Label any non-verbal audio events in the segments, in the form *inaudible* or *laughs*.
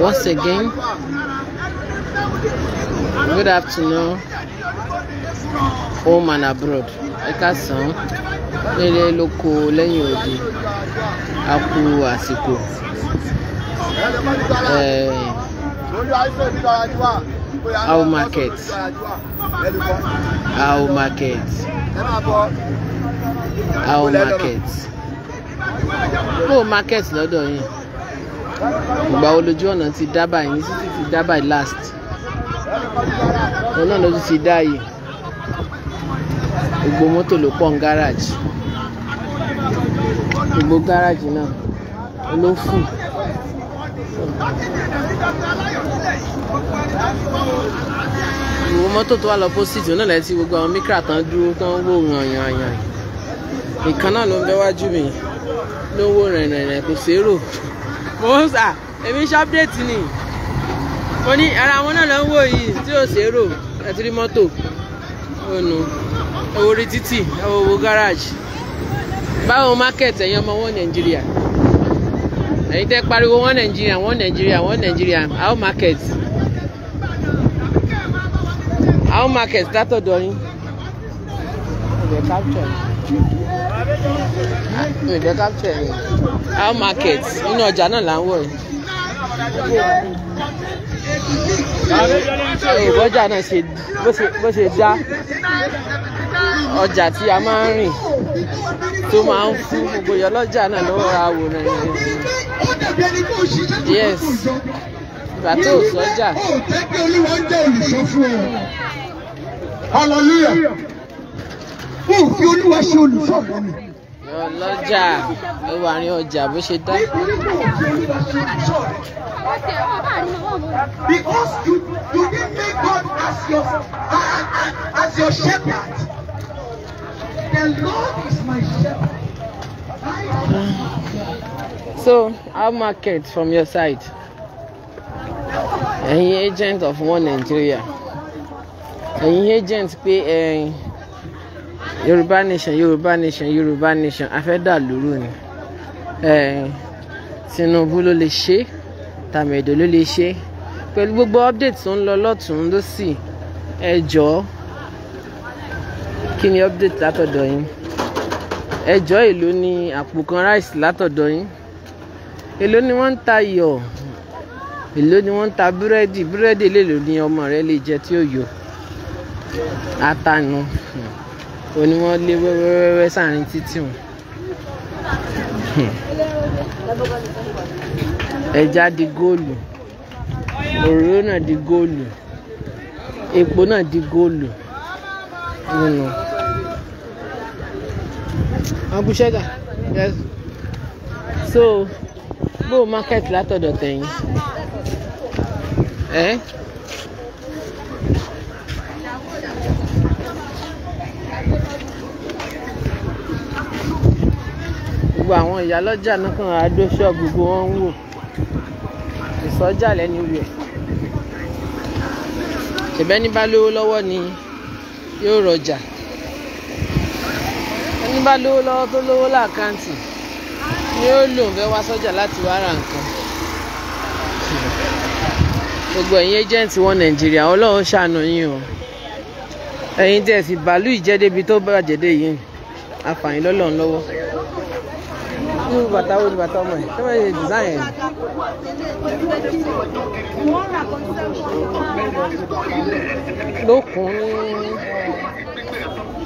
once again good afternoon home and abroad ẹ káàsán nílé lóko lẹ́yìn òde a kú àsìkò eh, how market how market how market no market lọ́dọ̀ yìí ìgbà wo lójú ọ̀nà ti dá báyìí ní títí ti dá báyìí last òun náà ló tún ti dá yìí gbogbo mọ́tò ló pọ̀ ní gáràjì gbogbo gáràjì náà ló fù. gbogbo mọ́tò tó wà lọ pósìtì òun náà lẹ́yìn tí gbogbo àwọn mikra tán dúró tán wò yàn yàn yàn ìkan náà ló ń bẹ́ wájú mi lówó rìnrìnrìn kò sérò mo ń sà èmi ṣọ́pdẹ̀tì ni mo ní ara wọn náà lọ ń wò yìí tí ò sérò àti rí mọ́tò ònu owó rí títì owó owó gáràjì báwo market ẹ̀yin ọmọ wọn nàìjíríà ẹ̀yin tẹ́ pariwo wọn nàìjíríà wọn nàìjíríà wọn nàìjíríà our market our market látọ̀dọ̀ yín. They capture ìjẹ́ capture yẹn how market nínú ọjà náà là ń wọ̀ yìí. ìbọ́jà náà ṣe bó ṣe dá ọjà tí a máa ń rìn tó máa ń fún gbogbo ìyọlọ́jà náà ló ra àwòrán yẹn. yes ìgbà tó ò sọ́jà. hallelujah. mo fi olúwa ṣe olùṣọ́ mi ọlọ́jà ó wà ní ọjà bó ṣe dá. because you you didn't make God as your as your shepherd the Lord is my shepherd. so how market from your side ẹ̀yin agent of One Nigeria ẹ̀yin agent pé. Uh, yorùbá nation yorùbá nation yorùbá nation a fẹ́ dà lóru ni tinubu ló lè ṣe tàmẹ̀dọ̀ ló lè ṣe pẹ̀lú gbogbo update tó ń lọ lọ́tún ló sì ẹ jọ̀ọ́ kí ni update látọ̀dọ̀ yín ẹ jọ̀ọ́ èló ni àpò kan rice látọ̀dọ̀ yín èló ni wọ́n ń ta iyọ̀ èló ni wọ́n ń ta búrẹ́dì búrẹ́dì lèlò ni ọmọ rẹ lè jẹ tí ó yọ atanu. Hmm òun ni wọ́n lé wẹ́wẹ́wẹ́wẹ́ sáàrin títì wọn. ẹja di góòlù òróró náà di góòlù epo náà di góòlù nínú. aguṣẹ́gà yes so go market látọ̀dọ̀ tẹ̀yìn. Eh? gbogbo àwọn ìyálọ́jà náà kàn á dó ṣọ́ gbogbo wọn ń wò ìsọjà lẹ́nu wẹ̀ ṣèbẹ́ni bá lówó lọ́wọ́ ni yóò rọjà ẹni bá lówó lọ́wọ́ tó lówó láàkáǹtì ni ó lòun fẹ́ wá sọ́jà láti wá ra nǹkan gbogbo ẹ̀yin ẹ́jẹ̀ǹtì wọn nàìjíríà ọlọ́run ṣàánú yín o ẹ̀yin tẹ́ bàálù ìjẹ́débi tó bàjẹ́ yìí àfààní lọ́lọ́run lọ́wọ́ irú bàtà wo ni mãe ọmọ yìí ṣé wọ́n design louco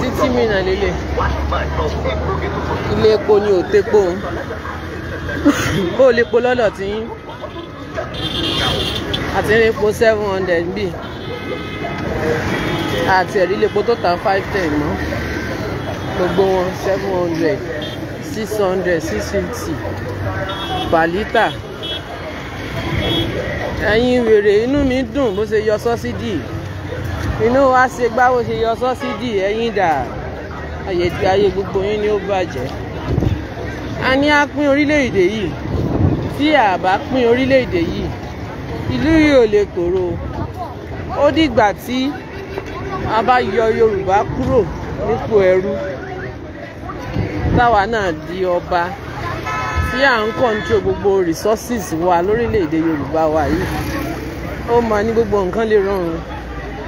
títí mìíràn lélẹ̀ ilé epo ni ò tepo o lè *laughs* po lọ́dọ̀ tí yín àti rí epo seven hundred bíi àti ẹ̀rí lè po tó tà five ten mọ́ gbogbo wọn seven hundred six hundred six fifty per litre ẹ̀yin wèrè inú mi dùn bó ṣe yọ sọ́sídìí inú wa ṣe gbáwo ṣe yọ sọ́sídì ẹ̀yìn dà ayé tí ayé gbogbo yín ni ó bàjẹ́ a ní a pín orílẹ̀-èdè yìí tí a bá pín orílẹ̀-èdè yìí ìlú yìí ò lè kóró ó dìgbà tí a bá yọ Yorùbá kúrò nípò ẹrú táwa náà di ọba tí à ń kọ́ńtró gbogbo resources wa lórílẹ̀-èdè Yorùbá wa yìí ó mà ní gbogbo nǹkan lè rọrùn.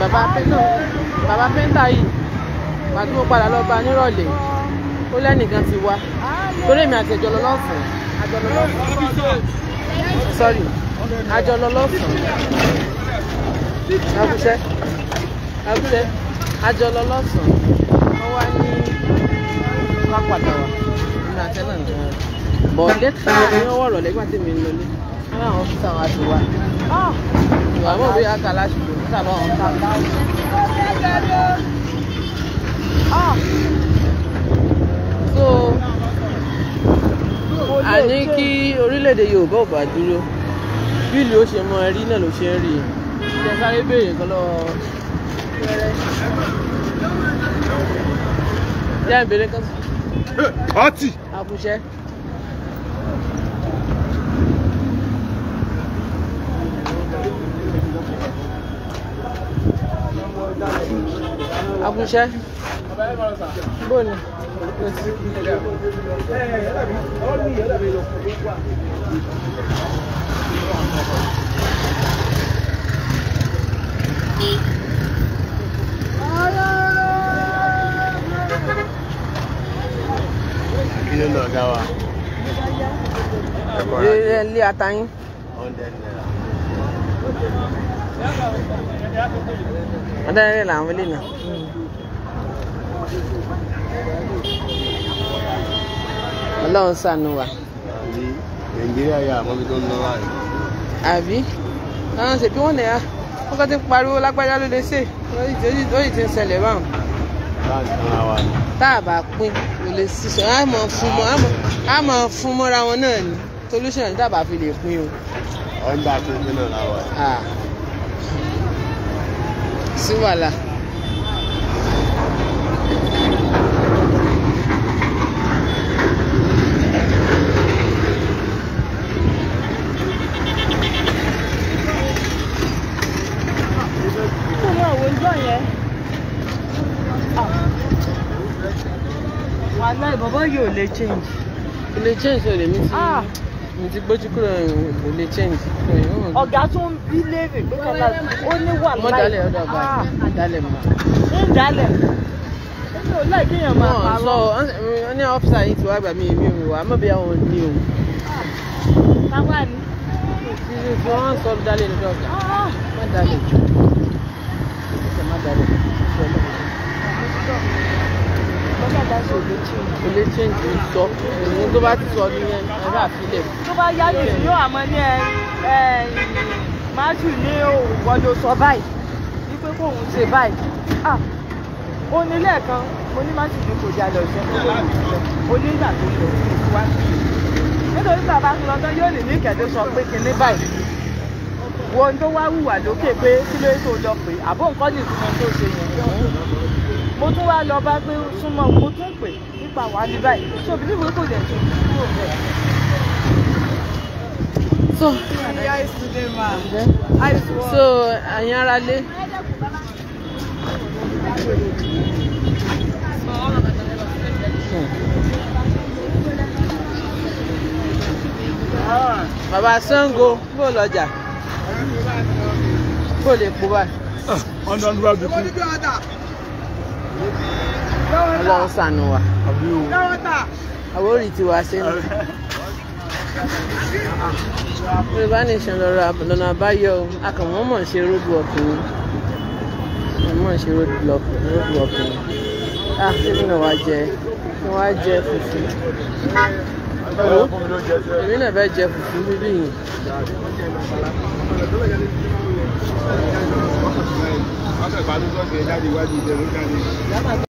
bàbá pẹ́ńtà bàbá pẹ́ńtà yìí wà tí padà lọ bá nírọ̀lẹ́ ó lẹ́nìkan ti wá torí èmi àti ẹ̀jọ̀ lọ́lọ́sàn àjọ lọ́lọ́sàn sorry àbúṣẹ́ àbúṣẹ́ àjọ lọ́lọ́sàn wọ́n ní pápá dàwà ìrìn àtẹ́nà náà bọ̀ lẹ́tà ni wọ́n wọ̀ rọ̀lẹ́gbà mi ń lọlé àwọn ọ̀fíìsà wa ti wá. àwọn òbí àkàlà so a ní kí orílẹ̀-èdè Yorùbá ò bá dúró bíìlì ó ṣe mọ ẹrí náà ló ṣe ń rí i béèrè kan lọ. jẹ́ ìbéèrè kan. ọtí. àkùṣẹ́. àbùṣẹ́ bó ni kí ló lọ gá wa. ilé ata yín. അതാണ് ലാമലില്ല ọlọ́run ṣàánú wa. nàìjíríà yà àwọn ibi tó ń lọ wá rẹ̀. àbí ọ̀hún ṣèbí wọ́n nẹ̀yà wọ́n kàn ti ń pariwo lágbájá ló lè ṣe ó sì ti ń ṣẹlẹ̀ báwọn. tá a bá pín kò lè ṣiṣẹ́ á mọ̀ fún mọ́ á mọ̀ fún tá a bá fi lè pín o. ọ̀gbà tó ń gbé sí wàhálà. wàhálà ìbọ̀bọ̀ yóò lè change. kò lè change o lè mi ti mi ti gbójú kúrò kò lè change ọ̀gá tó ń bí léèrè pé kọ́lá ó ní wà láì. mo dalẹ̀ ọ̀dọ̀ ọba ah. yìí dalẹ̀ mọ́. ń dalẹ̀ èmi ò láì kéèyàn máa parọ́. sọ ní ọ́fíìsà yìí ti wá gbà mí èmi ò wá mọ̀ bí àwọn ní o. táwa ni. ìṣèjì wọn sọ dalẹ̀ lọ́dọ̀ ọ̀gá ah, ah. má dalẹ̀ jù má dalẹ̀ jù kò lè change sọ èyí tó bá ti sọ nìyẹn ẹ bá tó bá yá yìí yóò àmọ́ ní ẹ. Eh, matthew ní òwò ló sọ báyìí wípé kóun ṣe báyìí ah, ó ní lẹ́ẹ̀kan mo ní matthew ní kò jalè ọ̀sẹ̀ tó lè ṣe ó ní ìgbà tó lè ṣe wá nítorí bàbá tó lọ́dọ́ yóò lè ní ìkẹ́dẹ́ sọ pé kinní báyìí wo ohun tó wá hùwà lókè pé kí ló tó lọ pé àbó nǹkan ní ìtumọ̀ tó ṣe yẹn mo tún wá lọ bá pé súnmọ́ mo tún pè nípa wàá ní báyìí tóbi níbo kò dẹ̀ tó kúrò bẹ́ẹ̀ so so àyìn ara lé. bàbá Ṣàngó bó lọjà bó lè po báyìí. ọ̀nà ọ̀nà bí kú. ọlọ́run ṣàánú wa àwọn orí tiwa ṣe ń lọ yorùbá nation lọ́rọ̀ lọ́nà àbáyọ akànmọ́ mọ̀ ṣe road block ni mọ̀ ṣe road block road block ni wàá jẹ kí wàá jẹ fùfú èmi náà bẹ jẹ fùfú bíbí yìí. Wọ́n fẹ́ pàdé sọ́ọ̀kì ẹ̀ jáde iwájú ìjẹun jáde.